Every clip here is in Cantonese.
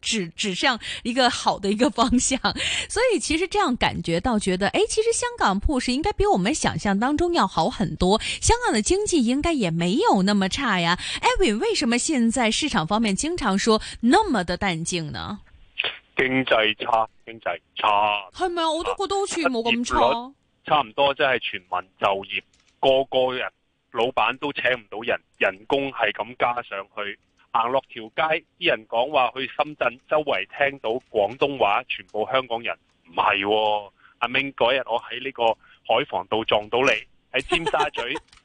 指指向一個好的一個方向，所以其實這樣感覺到覺得，哎，其實香港鋪市應該比我們想象當中要好很多，香港的經濟應該也沒有那麼差呀。Alvin 為什麼現在市場方面經常說那麼的淡靜呢？經濟差，經濟差，係咪啊？我都覺得好似冇咁差、啊。差唔多，即係全民就業，個個人老闆都請唔到人，人工係咁加上去。行落條街，啲人講話去深圳，周圍聽到廣東話，全部香港人唔係喎。阿明嗰日我喺呢個海防道撞到你，喺尖沙咀、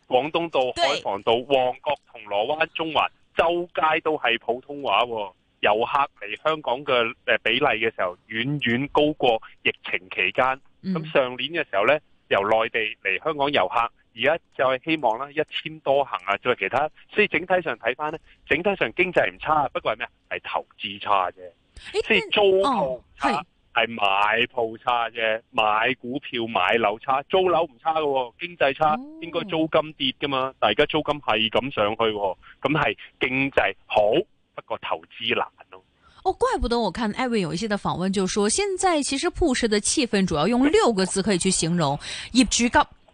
廣東道、海防道、旺角、銅鑼灣、中環，周街都係普通話喎。遊客嚟香港嘅誒比例嘅時候，遠遠高過疫情期間。咁上年嘅時候呢，由內地嚟香港遊客。而家就係希望啦，一千多行啊，再其他，所以整體上睇翻咧，整體上經濟唔差，不過係咩？係投資差啫，即係租鋪係、欸哦、買鋪差啫，買股票買樓差，租樓唔差嘅。經濟差應該租金跌噶嘛，哦、但係而家租金係咁上去，咁係經濟好，不過投資難咯、啊。哦，怪不得我看艾薇有一些的訪問，就說現在其實鋪市的氣氛主要用六個字可以去形容，業主急。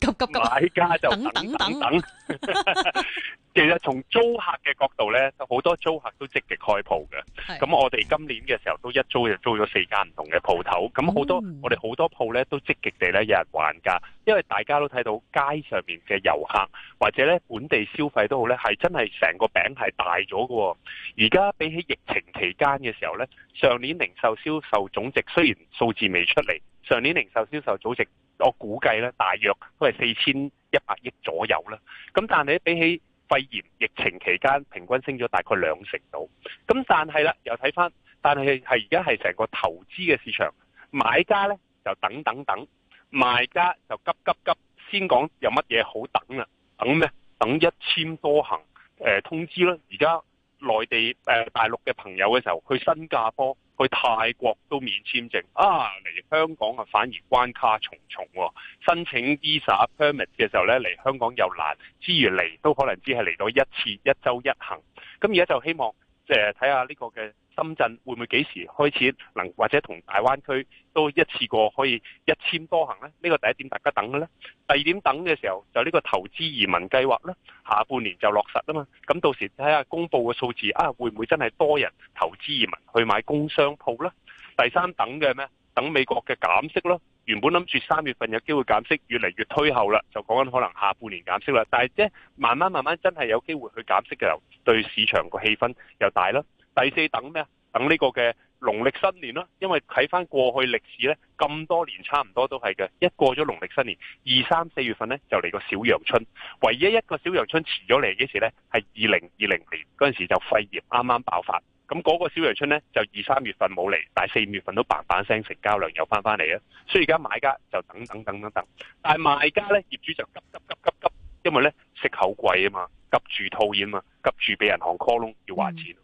急急解，就等等等，等等 其實從租客嘅角度呢，好多租客都積極開鋪嘅。咁我哋今年嘅時候都一租就租咗四間唔同嘅鋪頭。咁好多、嗯、我哋好多鋪呢，都積極地有人還價，因為大家都睇到街上面嘅遊客或者呢本地消費都好呢，係真係成個餅係大咗嘅。而家比起疫情期間嘅時候呢，上年零售銷售總值雖然數字未出嚟，上年零售銷售總值。我估計咧，大約都係四千一百億左右啦。咁但係比起肺炎疫情期間，平均升咗大概兩成度。咁但係啦，又睇翻，但係係而家係成個投資嘅市場，買家呢就等等等，賣家就急急急。先講有乜嘢好等啊？等咩？等一簽多行通知啦。而家內地大陸嘅朋友嘅時候去新加坡。去泰國都免簽證啊！嚟香港啊，反而關卡重重，啊，申請 visa permit 嘅時候咧，嚟香港又難，之餘嚟都可能只係嚟到一次，一周一行，咁而家就希望。即係睇下呢個嘅深圳會唔會幾時開始能或者同大灣區都一次過可以一簽多行呢？呢、呢個第一點，大家等嘅呢，第二點等嘅時候就呢個投資移民計劃呢，下半年就落實啊嘛。咁到時睇下公布嘅數字啊，會唔會真係多人投資移民去買工商鋪呢？第三等嘅咩？等美國嘅減息咯。原本諗住三月份有機會減息，越嚟越推後啦，就講緊可能下半年減息啦。但係即係慢慢慢慢真係有機會去減息嘅時候，對市場個氣氛又大啦。第四等咩？等呢個嘅農曆新年啦，因為睇翻過去歷史呢，咁多年差唔多都係嘅。一過咗農曆新年，二三四月份呢就嚟個小陽春。唯一一個小陽春遲咗嚟幾時呢，係二零二零年嗰陣時就肺炎啱啱爆發。咁、那、嗰個小陽春咧就二三月份冇嚟，但係四月份都嘭嘭聲成交量又翻翻嚟，所以而家買家就等等等等等，但係賣家咧業主就急急急急急，因為咧食口貴啊嘛，急住套現啊，急住俾銀行 call 窿要還錢。嗯。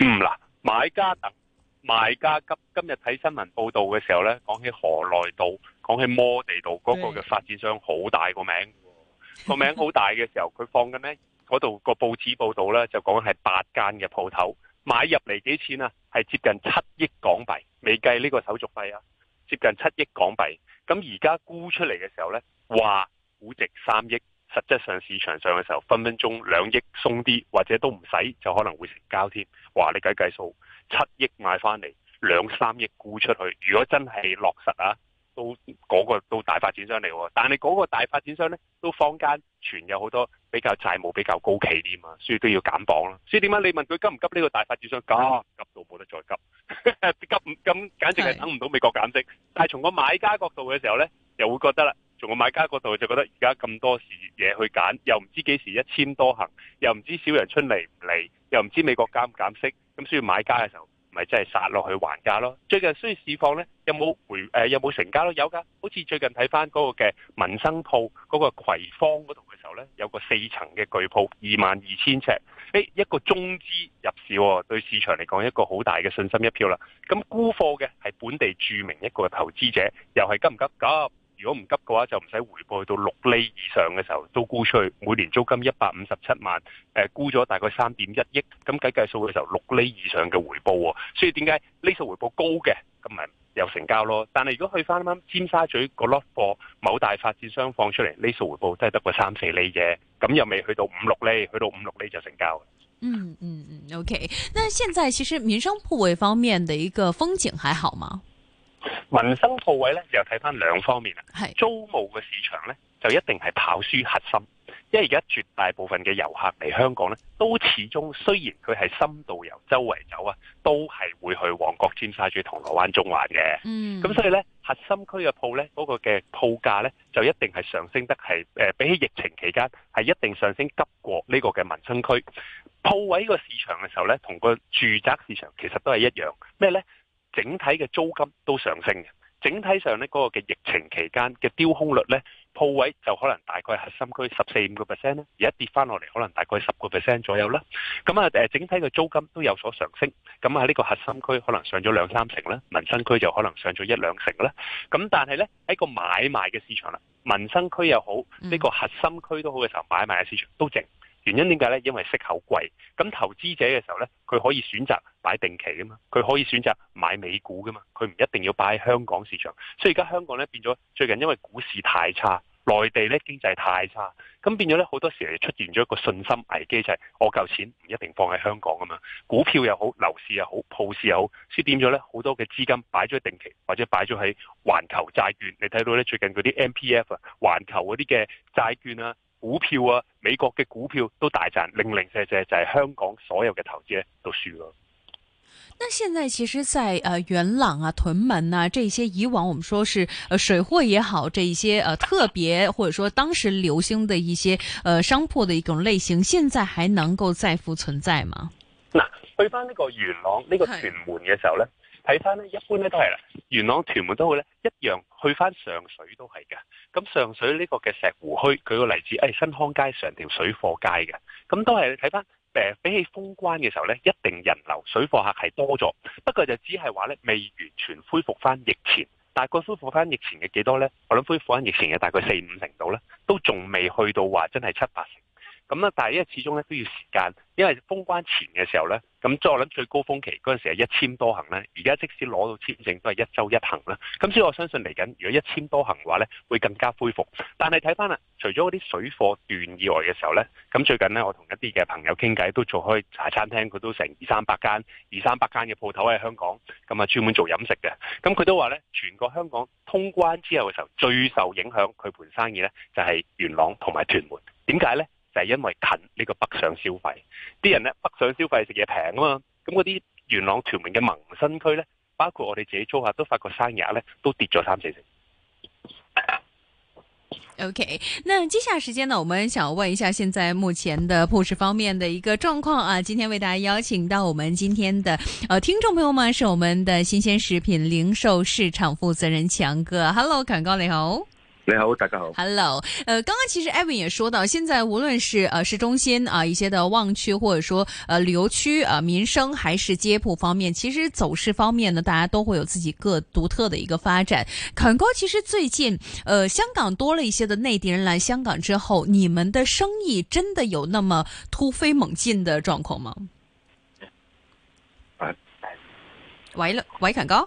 嗯嗱，買家等買家急，今日睇新聞報道嘅時候呢，講起河內道，講起摩地道嗰個嘅發展商好大個名，個 名好大嘅時候，佢放緊呢嗰度個報紙報道呢，就講係八間嘅鋪頭買入嚟幾錢啊？係接近七億港幣，未計呢個手續費啊，接近七億港幣。咁而家估出嚟嘅時候呢，話估值三億。實質上市場上嘅時候，分分鐘兩億鬆啲，或者都唔使就可能會成交添。話你計計數，七億買翻嚟，兩三億沽出去。如果真係落實啊，都嗰、嗰個都大發展商嚟。但係嗰個大發展商呢，都坊間存有好多比較債務比較高企啲嘛，所以都要減磅啦。所以點解你問佢急唔急呢個大發展商？急，啊，急到冇得再急， 急咁簡直係等唔到美國減息。是但係從個買家角度嘅時候呢，又會覺得啦。從我買家嗰度就覺得而家咁多時嘢去揀，又唔知幾時一千多行，又唔知少人出嚟唔嚟，又唔知美國減唔減息，咁所以買家嘅時候，咪真係殺落去還價咯。最近需要市況呢，有冇回？誒、呃、有冇成交咯？有噶，好似最近睇翻嗰個嘅民生鋪嗰、嗰個葵芳嗰度嘅時候呢，有個四層嘅巨鋪，二萬二千尺，誒一個中資入市、哦，對市場嚟講一個好大嘅信心一票啦。咁沽貨嘅係本地著名一個投資者，又係急唔急急？如果唔急嘅話，就唔使回報去到六厘以上嘅時候，都估出去每年租金一百五十七萬，估、呃、咗大概三點一億，咁計計數嘅時候，六厘以上嘅回報喎。所以點解呢數回報高嘅，咁咪有成交咯？但係如果去翻啱啱尖沙咀個 lot 貨某大發展商放出嚟，呢數回報都係得個三四厘嘅，咁又未去到五六厘，去到五六厘就成交了。嗯嗯嗯，OK。但係現在其實民生鋪位方面嘅一個風景還好嗎？民生鋪位咧，又睇翻兩方面。係租務嘅市場咧，就一定係跑輸核心，因為而家絕大部分嘅遊客嚟香港咧，都始終雖然佢係深度遊周圍走啊，都係會去旺角、尖沙咀、銅鑼灣、中環嘅。嗯，咁所以咧，核心區嘅鋪咧，嗰、那個嘅鋪價咧，就一定係上升得係誒、呃，比起疫情期間係一定上升急過呢個嘅民生區鋪位個市場嘅時候咧，同個住宅市場其實都係一樣咩咧？整體嘅租金都上升嘅，整體上呢嗰、那個嘅疫情期間嘅丟空率呢，鋪位就可能大概核心區十四五個 percent 咧，而家跌翻落嚟可能大概十個 percent 左右啦。咁啊，誒，整體嘅租金都有所上升。咁、嗯、啊，呢、這個核心區可能上咗兩三成啦，民生區就可能上咗一兩成啦。咁、嗯、但係呢，喺個買賣嘅市場啦，民生區又好，呢、這個核心區都好嘅時候，買賣嘅市場都靜。原因點解呢？因為息口貴，咁投資者嘅時候呢，佢可以選擇擺定期噶嘛，佢可以選擇買美股噶嘛，佢唔一定要擺喺香港市場。所以而家香港呢，變咗最近因為股市太差，內地呢經濟太差，咁變咗呢，好多時出現咗一個信心危機，就係、是、我嚿錢唔一定放喺香港啊嘛，股票又好，樓市又好，鋪市又好，先變咗呢好多嘅資金擺咗定期，或者擺咗喺環球債券。你睇到呢，最近嗰啲 M P F 啊，環球嗰啲嘅債券啊，股票啊。美國嘅股票都大賺，零零舍舍就係香港所有嘅投資咧都輸咗。那現在其實，在呃元朗啊、屯門啊，這些以往我們說是呃水貨也好，這一些呃特別或者說當時流行的一些呃商鋪的一種類型，現在還能夠再復存在嗎？去翻呢個元朗呢個屯門嘅時候呢。睇翻咧，一般咧都係啦，元朗屯門都好咧，一樣去翻上水都係嘅。咁上水呢個嘅石湖墟，舉個例子係新康街上條水貨街嘅，咁都係你睇翻誒，比起封關嘅時候咧，一定人流水貨客係多咗，不過就只係話咧未完全恢復翻疫前，大概恢復翻疫前嘅幾多咧？我諗恢復翻疫前嘅大概四五成度咧，都仲未去到話真係七八成。咁啦，但係因為始終咧都要時間，因為封關前嘅時候咧，咁即係我諗最高峰期嗰陣時係一簽多行咧，而家即使攞到簽證都係一周一行啦。咁所以我相信嚟緊，如果一簽多行嘅話咧，會更加恢復。但係睇翻啦，除咗嗰啲水貨段以外嘅時候咧，咁最近咧，我同一啲嘅朋友傾偈都做開茶餐廳，佢都成二三百間、二三百間嘅鋪頭喺香港，咁啊專門做飲食嘅。咁佢都話咧，全個香港通關之後嘅時候，最受影響佢盤生意咧就係元朗同埋屯門。點解咧？係因為近呢個北上消費，啲人呢北上消費食嘢平啊嘛，咁嗰啲元朗、屯門嘅民生區呢，包括我哋自己租客都發覺生意呢，都跌咗三四成。OK，那接下來時間呢，我們想問一下現在目前的鋪市方面的一個狀況啊。今天為大家邀請到我們今天的呃聽眾朋友們，是我們的新鮮食品零售市場負責人強哥。Hello，強哥你好。你好，大家好。Hello，呃，剛剛其實 Evan 也說到，現在無論是呃市中心啊、呃，一些的旺區，或者說呃旅遊區啊、呃，民生還是街鋪方面，其實走勢方面呢，大家都會有自己各獨特的一個發展。強哥，其實最近呃香港多了一些的內地人來香港之後，你們的生意真的有那麼突飛猛進的狀況嗎？喂、啊，了，喂，強哥。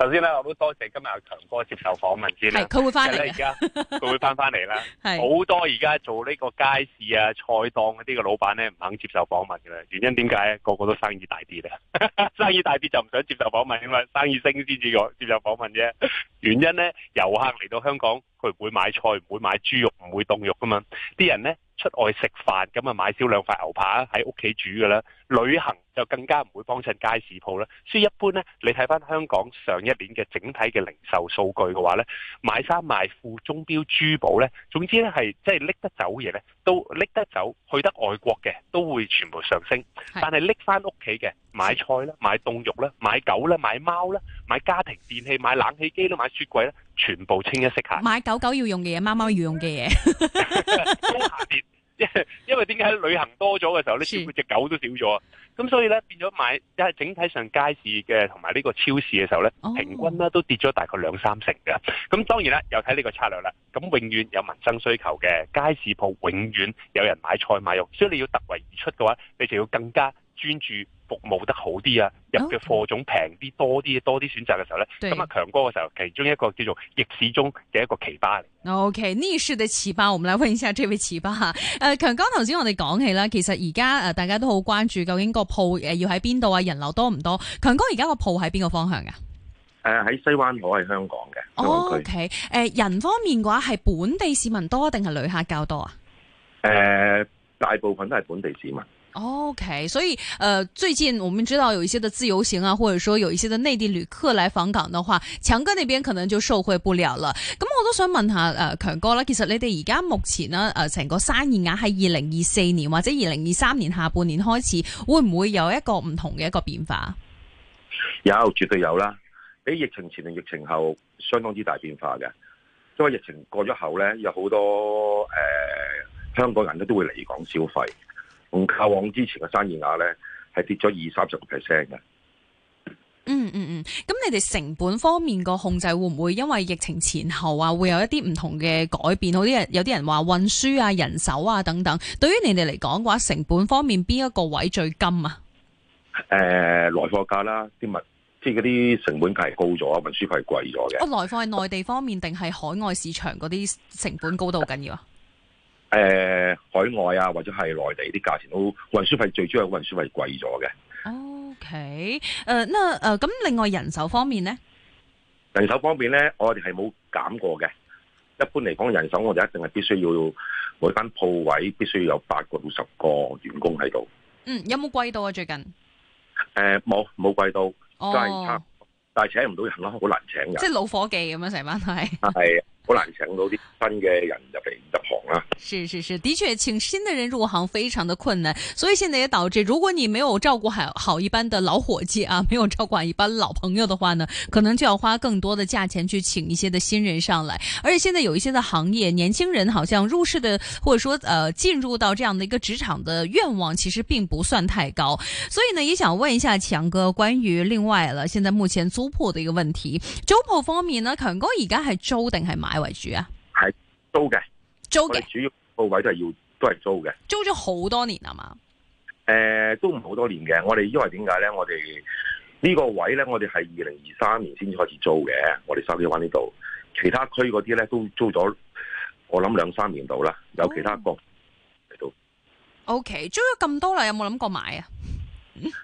首先咧，我都多謝今日阿強哥接受訪問先啦。係，佢會翻嚟。係啦，而家佢會翻翻嚟啦。好 多而家做呢個街市啊、菜檔嗰啲嘅老闆咧，唔肯接受訪問嘅啦。原因點解咧？個個都生意大啲啦， 生意大啲就唔想接受訪問啊嘛。生意升先至接受訪問啫。原因咧，遊客嚟到香港。佢唔會買菜，唔會買豬肉，唔會凍肉噶嘛。啲人呢，出外食飯，咁啊買少兩塊牛扒喺屋企煮噶啦。旅行就更加唔會幫襯街市鋪啦。所以一般呢，你睇翻香港上一年嘅整體嘅零售數據嘅話呢，買衫賣褲、鐘錶、珠寶呢，總之呢係即係拎得走嘅嘢呢。都拎得走，去得外國嘅都會全部上升，但係拎翻屋企嘅買菜啦，買凍肉啦，買狗啦，買貓啦，買家庭電器、買冷氣機啦、買雪櫃咧，全部清一色下。買狗狗要用嘅嘢，貓貓要用嘅嘢，下 跌。 因為因為點解旅行多咗嘅時候咧，幾乎隻狗都少咗啊。咁所以咧，變咗買一係整體上街市嘅同埋呢個超市嘅時候咧，oh. 平均咧都跌咗大概兩三成嘅。咁當然啦，又睇呢個策略啦。咁永遠有民生需求嘅街市鋪，永遠有人買菜買肉，所以你要突圍而出嘅話，你就要更加。專注服務得好啲啊，入嘅貨種平啲多啲多啲選擇嘅時候咧，咁啊強哥嘅時候，其中一個叫做逆市中嘅一個奇葩嚟。O K 呢市嘅奇葩，我們嚟問一下這位奇葩吓。誒、呃，強哥，頭先我哋講起啦，其實而家誒大家都好關注究竟個鋪誒要喺邊度啊，人流多唔多？強哥而家個鋪喺邊個方向啊？誒、呃，喺西灣河係香港嘅。O K，誒，人方面嘅話係本地市民多定係旅客較多啊？誒、呃，大部分都係本地市民。OK，所以，呃，最近我們知道有一些的自由行啊，或者說有一些的內地旅客來訪港的話，強哥那邊可能就受惠不了啦。咁我都想問下，誒、呃，強哥啦，其實你哋而家目前呢誒，成、呃、個生意額喺二零二四年或者二零二三年下半年開始，會唔會有一個唔同嘅一個變化？有，絕對有啦，比疫情前同疫情後相當之大變化嘅。因為疫情過咗後呢，有好多誒、呃、香港人都會嚟港消費。同過往之前嘅生意額咧，係跌咗二三十個 percent 嘅。嗯嗯嗯，咁、嗯、你哋成本方面個控制會唔會因為疫情前後啊，會有一啲唔同嘅改變？好啲人有啲人話運輸啊、人手啊等等，對於你哋嚟講嘅話，成本方面邊一個位最金啊？誒、呃，來貨價啦，啲物即係嗰啲成本價係高咗，運輸費係貴咗嘅。個來貨係內地方面定係海外市場嗰啲成本高度緊要啊？誒，海外啊，或者係內地啲價錢都運輸費，最主要運輸費貴咗嘅。O K，誒，那誒，咁另外人手方面咧？人手方面咧，我哋係冇減過嘅。一般嚟講，人手我哋一定係必須要每間鋪位必須要有八個到十個員工喺度。嗯，有冇貴到啊？最近？誒，冇冇貴到，但係請，但係請唔到人咯，好難請人。即係老伙計咁樣成班係。係。好難請到啲新嘅人入嚟入行啦。是是是，的確請新的人入行非常的困難，所以現在也導致如果你沒有照顧好好一班的老伙計啊，沒有照顧好一班老朋友的話呢，可能就要花更多的價錢去請一些的新人上來。而且現在有一些的行業，年輕人好像入市的或者說，呃，進入到這樣的一個職場的願望其實並不算太高。所以呢，也想問一下強哥關於另外了，現在目前租鋪的一個問題。租鋪方面呢，強哥而家係租定係買？為主啊，係租嘅，租嘅，租主要位是、呃、為為個位都係要，都係租嘅，租咗好多年啊嘛，誒，都唔好多年嘅，我哋因為點解咧？我哋呢個位咧，我哋係二零二三年先開始租嘅，我哋筲箕灣呢度，其他區嗰啲咧都租咗，我諗兩三年到啦，有其他哥嚟到，OK，租咗咁多啦，有冇諗過買啊？誒、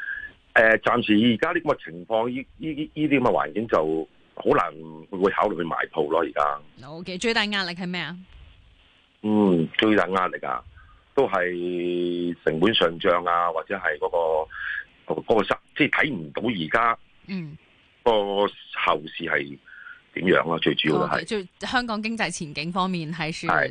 嗯，暫、呃、時而家呢咁嘅情況，依依啲依啲咁嘅環境就。好難會考慮去買鋪咯，而家。O K，最大壓力係咩啊？嗯，最大壓力啊，都係成本上漲啊，或者係嗰、那個嗰、那個十、那個，即係睇唔到而家嗯、那個後市係點樣咯、啊？最主要係最、okay，香港經濟前景方面係算。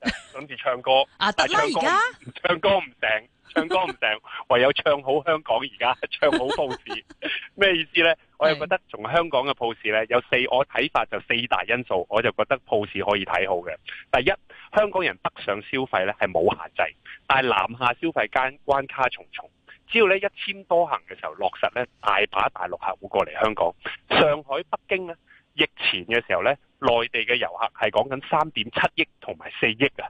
諗住唱歌啊！大家而家唱歌唔成，唱歌唔成， 成，唯有唱好香港而家，唱好鋪市。咩 意思呢？我係覺得從香港嘅鋪市呢，有四，我睇法，就四大因素，我就覺得鋪市可以睇好嘅。第一，香港人北上消費呢係冇限制，但係南下消費間關卡重重。只要咧，一簽多行嘅時候落實呢，大把大陸客戶過嚟香港。上海、北京呢，疫前嘅時候呢。內地嘅遊客係講緊三點七億同埋四億啊！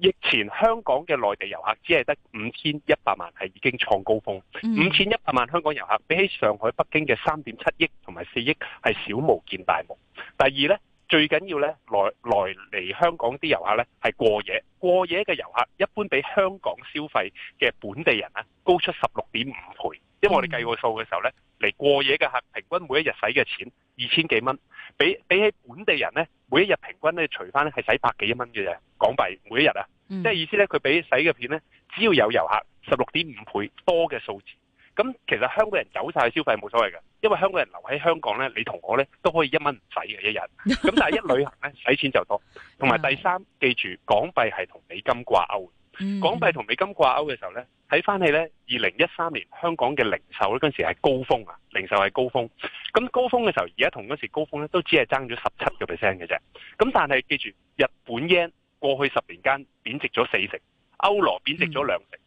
疫前香港嘅內地遊客只係得五千一百萬係已經創高峰，五千一百萬香港遊客比起上海、北京嘅三點七億同埋四億係小無見大無。第二呢，最緊要呢，來來嚟香港啲遊客呢係過夜，過夜嘅遊客一般比香港消費嘅本地人高出十六點五倍，因為我哋計過數嘅時候呢，嚟、嗯、過夜嘅客平均每一日使嘅錢二千幾蚊。2, 比比起本地人咧，每一日平均咧，除翻咧係使百幾蚊嘅啫港幣，每一日啊，即、嗯、係意思咧，佢俾使嘅片咧，只要有遊客十六點五倍多嘅數字，咁、嗯嗯嗯、其實香港人走晒消費冇所謂嘅，因為香港人留喺香港咧，你同我咧都可以一蚊唔使嘅一日，咁 但係一旅行咧使錢就多，同埋第三記住港幣係同美金掛鈎。嗯、港幣同美金掛鈎嘅時候呢，睇翻起呢，二零一三年香港嘅零售咧嗰陣時係高峰啊，零售係高峰。咁高峰嘅時候，而家同嗰時高峰呢，都只係差咗十七個 percent 嘅啫。咁但係記住，日本 yen 過去十年間貶值咗四成，歐羅貶值咗兩成，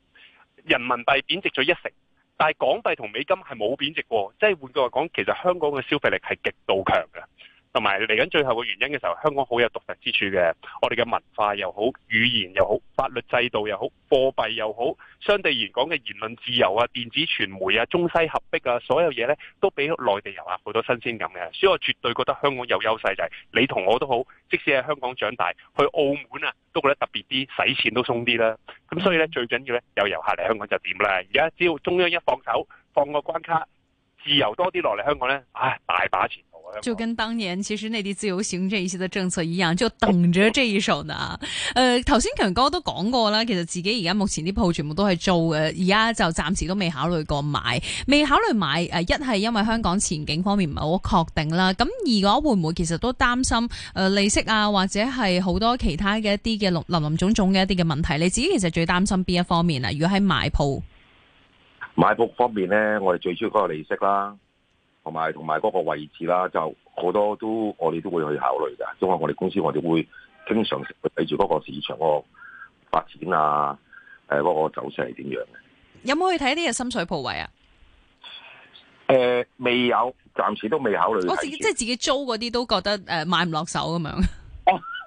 人民幣貶值咗一成，但係港幣同美金係冇貶值，即係換句話講，其實香港嘅消費力係極度強嘅。同埋嚟緊最後嘅原因嘅時候，香港好有獨特之處嘅，我哋嘅文化又好，語言又好，法律制度又好，貨幣又好，相對而言講嘅言論自由啊、電子傳媒啊、中西合璧啊，所有嘢呢都比內地遊客好多新鮮感嘅，所以我絕對覺得香港有優勢就係、是、你同我都好，即使喺香港長大，去澳門啊都覺得特別啲，使錢都鬆啲啦。咁所以呢，最緊要呢，有遊，遊客嚟香港就點啦？而家只要中央一放手，放個關卡。自由多啲落嚟香港咧，唉，大把前途啊！就跟當年其實內地自由行這一啲的政策一樣，就等着這一手呢。誒、 呃，頭先強哥都講過啦，其實自己而家目前啲鋪全部都係租嘅，而家就暫時都未考慮過買，未考慮買誒、啊，一係因為香港前景方面唔係好確定啦，咁二嗰會唔會其實都擔心誒、呃、利息啊，或者係好多其他嘅一啲嘅林林總總嘅一啲嘅問題？你自己其實最擔心邊一方面啊？如果喺買鋪？買鋪方面咧，我哋最鍾意嗰個利息啦，同埋同埋嗰個位置啦，就好多都我哋都會去考慮噶。因為我哋公司，我哋會經常去睇住嗰個市場個發展啊，誒、呃、嗰、那個走勢係點樣嘅。有冇去睇啲嘅深水鋪位啊？誒、呃，未有，暫時都未考慮。我自己即係自己租嗰啲都覺得誒、呃、買唔落手咁樣。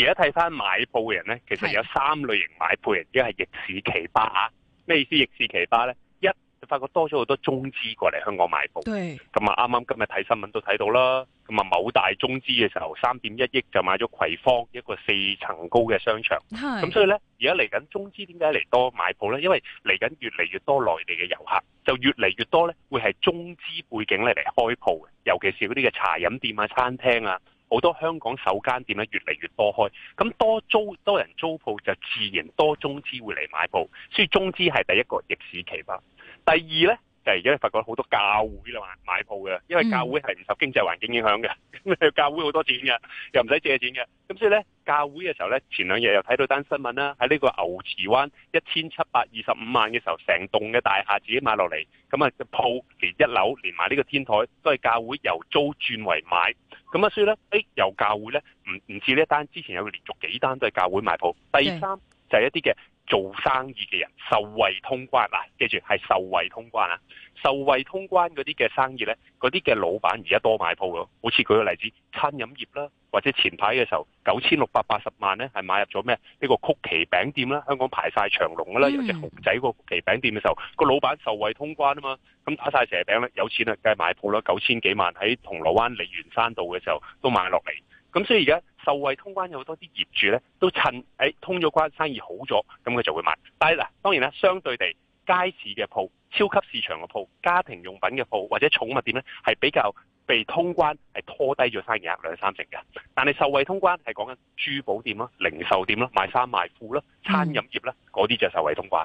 而家睇翻買鋪嘅人呢，其實有三類型買鋪人，一係逆市奇葩啊，咩意思？逆市奇葩呢？一發覺多咗好多中資過嚟香港買鋪。咁啊，啱啱今日睇新聞都睇到啦。咁啊，某大中資嘅時候，三點一億就買咗葵芳一個四層高嘅商場。咁所以呢，而家嚟緊中資點解嚟多買鋪呢？因為嚟緊越嚟越多內地嘅遊客，就越嚟越多呢，會係中資背景咧嚟開鋪嘅，尤其是嗰啲嘅茶飲店啊、餐廳啊。好多香港首間店咧，越嚟越多開，咁多租多人租鋪就自然多中資會嚟買鋪，所以中資係第一個逆市奇葩。第二呢，就係而家發覺好多教會啦買鋪嘅，因為教會係唔受經濟環境影響嘅，嗯、 教會好多錢嘅，又唔使借錢嘅，咁所以呢，教會嘅時候呢，前兩日又睇到單新聞啦，喺呢個牛池灣一千七百二十五萬嘅時候，成棟嘅大廈自己買落嚟，咁啊鋪連一樓連埋呢個天台都係教會由租轉為買。咁啊，所以咧，誒，由教會咧，唔唔似呢一單，之前有連續幾單都係教會賣鋪。第三就係一啲嘅。做生意嘅人受惠通關啊！記住係受惠通關啊！受惠通關嗰啲嘅生意呢，嗰啲嘅老闆而家多買鋪咯。好似舉個例子，餐飲業啦，或者前排嘅時候九千六百八十萬呢係買入咗咩？呢個曲奇餅店啦，香港排晒長龍噶啦，有隻熊仔個曲奇餅店嘅時候，個老闆受惠通關啊嘛，咁打晒蛇餅呢，有錢啊梗係買鋪咯，九千幾萬喺銅鑼灣利園山道嘅時候都買落嚟。咁所以而家。受惠通關有好多啲業主咧，都趁、哎、通咗關生意好咗，咁佢就會賣。但係嗱，當然啦，相對地街市嘅鋪、超級市場嘅鋪、家庭用品嘅鋪或者寵物店咧，係比較被通關係拖低咗生意額兩三成嘅。但係受惠通關係講緊珠寶店啦、零售店啦、賣衫賣褲啦、餐飲業啦，嗰啲就係受惠通關。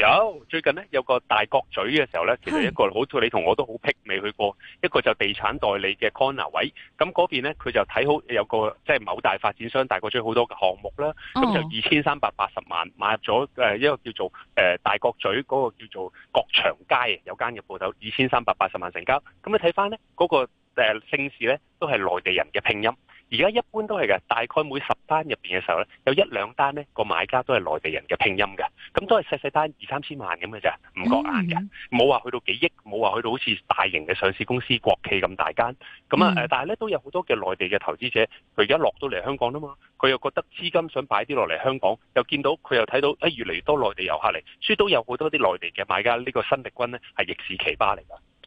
有最近咧，有個大角咀嘅時候咧，其實一個好似你同我都好僻未去過一個就地產代理嘅 corner 位咁嗰邊咧，佢就睇好有個即係、就是、某大發展商大角咀好多項目啦。咁、oh、就二千三百八十萬買入咗一個叫做、呃、大角咀嗰、那個叫做國祥街有間嘅鋪頭，二千三百八十萬成交。咁你睇翻咧嗰個、呃、姓氏咧都係內地人嘅拼音。而家一般都係嘅，大概每十單入邊嘅時候咧，有一兩單呢個買家都係內地人嘅拼音嘅，咁都係細細單二三千萬咁嘅咋，唔覺眼嘅，冇、嗯、話去到幾億，冇話去到好似大型嘅上市公司、國企咁大間，咁啊、呃嗯、但係呢，都有好多嘅內地嘅投資者，佢而家落到嚟香港啦嘛，佢又覺得資金想擺啲落嚟香港，又見到佢又睇到誒、哎、越嚟越多內地遊客嚟，所以都有好多啲內地嘅買家呢、這個新力軍呢係逆市奇葩嚟㗎。